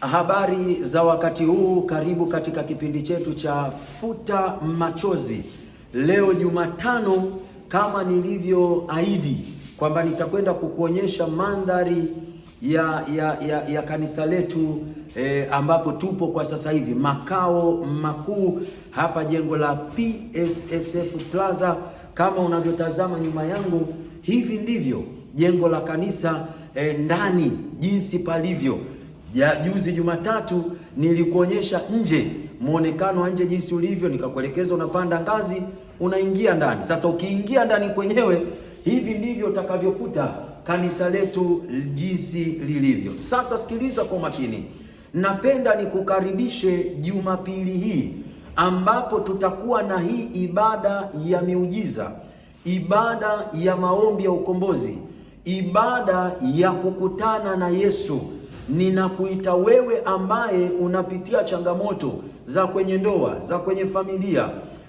Habari za wakati huu, karibu katika kipindi chetu cha Futa Machozi. Leo Jumatano, kama nilivyoahidi kwamba nitakwenda kukuonyesha mandhari ya, ya, ya, ya kanisa letu eh, ambapo tupo kwa sasa hivi, makao makuu hapa jengo la PSSF Plaza. Kama unavyotazama nyuma yangu, hivi ndivyo jengo la kanisa eh, ndani jinsi palivyo ya juzi Jumatatu nilikuonyesha nje, muonekano wa nje jinsi ulivyo, nikakuelekeza unapanda ngazi, unaingia ndani. Sasa ukiingia ndani kwenyewe, hivi ndivyo utakavyokuta kanisa letu jinsi lilivyo. Sasa sikiliza kwa makini, napenda nikukaribishe Jumapili hii ambapo tutakuwa na hii ibada ya miujiza, ibada ya maombi ya ukombozi, ibada ya kukutana na Yesu Ninakuita wewe ambaye unapitia changamoto za kwenye ndoa, za kwenye familia,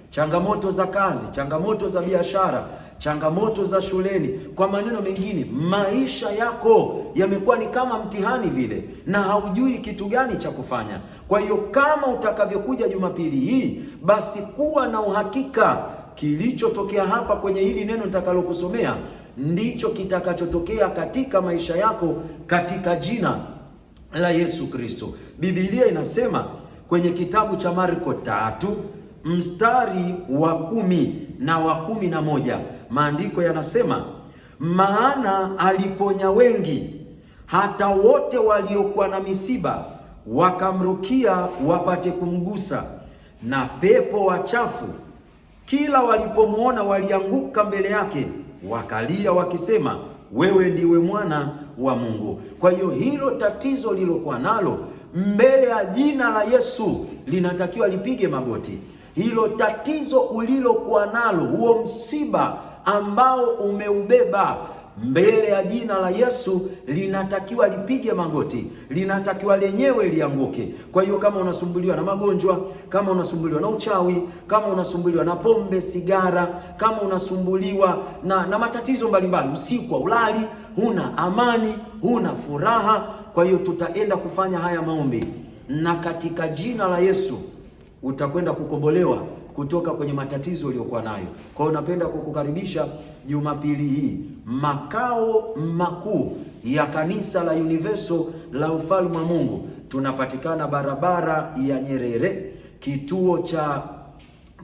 changamoto za kazi, changamoto za biashara, changamoto za shuleni. Kwa maneno mengine, maisha yako yamekuwa ni kama mtihani vile, na haujui kitu gani cha kufanya. Kwa hiyo kama utakavyokuja Jumapili hii, basi kuwa na uhakika kilichotokea hapa kwenye hili neno nitakalokusomea ndicho kitakachotokea katika maisha yako katika jina la Yesu Kristo. Biblia inasema kwenye kitabu cha Marko tatu mstari wa kumi na wa kumi na moja maandiko yanasema, maana aliponya wengi hata wote waliokuwa na misiba wakamrukia wapate kumgusa, na pepo wachafu kila walipomwona walianguka mbele yake wakalia wakisema wewe ndiwe mwana wa Mungu. Kwa hiyo hilo tatizo lilokuwa nalo mbele ya jina la Yesu linatakiwa lipige magoti. Hilo tatizo ulilokuwa nalo, huo msiba ambao umeubeba mbele ya jina la Yesu linatakiwa lipige magoti, linatakiwa lenyewe lianguke. Kwa hiyo kama unasumbuliwa na magonjwa, kama unasumbuliwa na uchawi, kama unasumbuliwa na pombe, sigara, kama unasumbuliwa na, na matatizo mbalimbali, usiku ulali huna amani, huna furaha, kwa hiyo tutaenda kufanya haya maombi na katika jina la Yesu utakwenda kukombolewa kutoka kwenye matatizo uliokuwa nayo. Kwa hiyo napenda kukukaribisha Jumapili hii makao makuu ya kanisa la Universal la Ufalme wa Mungu. Tunapatikana barabara ya Nyerere, kituo cha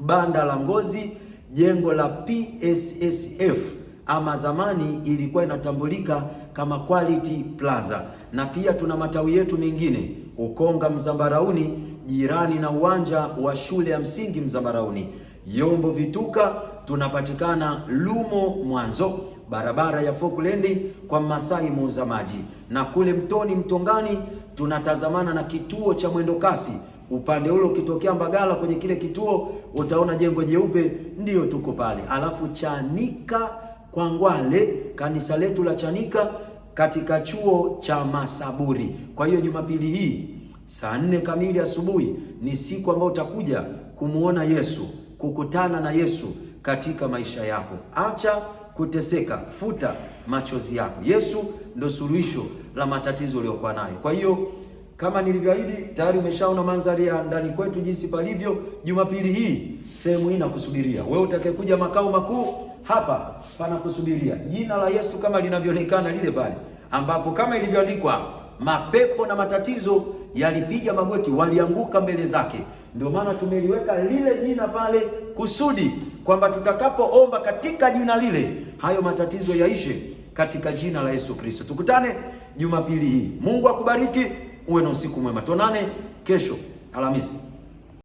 banda la Ngozi, jengo la PSSF ama zamani ilikuwa inatambulika kama Quality Plaza, na pia tuna matawi yetu mengine Ukonga, Mzambarauni jirani na uwanja wa shule ya msingi Mzambarauni. Yombo Vituka tunapatikana Lumo Mwanzo, barabara ya Falkland kwa Masai muuza maji, na kule Mtoni Mtongani tunatazamana na kituo cha mwendo kasi upande ule ukitokea Mbagala kwenye kile kituo utaona jengo jeupe, ndiyo tuko pale. Alafu Chanika kwa Ngwale, kanisa letu la Chanika katika chuo cha Masaburi. Kwa hiyo Jumapili hii Saa nne kamili asubuhi ni siku ambayo utakuja kumwona Yesu, kukutana na Yesu katika maisha yako. Acha kuteseka, futa machozi yako. Yesu ndo suluhisho la matatizo uliyokuwa nayo. Kwa hiyo kama nilivyoahidi, tayari umeshaona mandhari ya ndani kwetu jinsi palivyo. Jumapili hii sehemu hii nakusubiria wewe utakayekuja makao makuu, hapa panakusubiria. Jina la Yesu kama linavyoonekana lile pale, ambapo kama ilivyoandikwa mapepo na matatizo yalipiga magoti, walianguka mbele zake. Ndio maana tumeliweka lile jina pale kusudi kwamba tutakapoomba katika jina lile hayo matatizo yaishe katika jina la Yesu Kristo. Tukutane Jumapili hii. Mungu akubariki, uwe na usiku mwema. Tuonane kesho Alhamisi.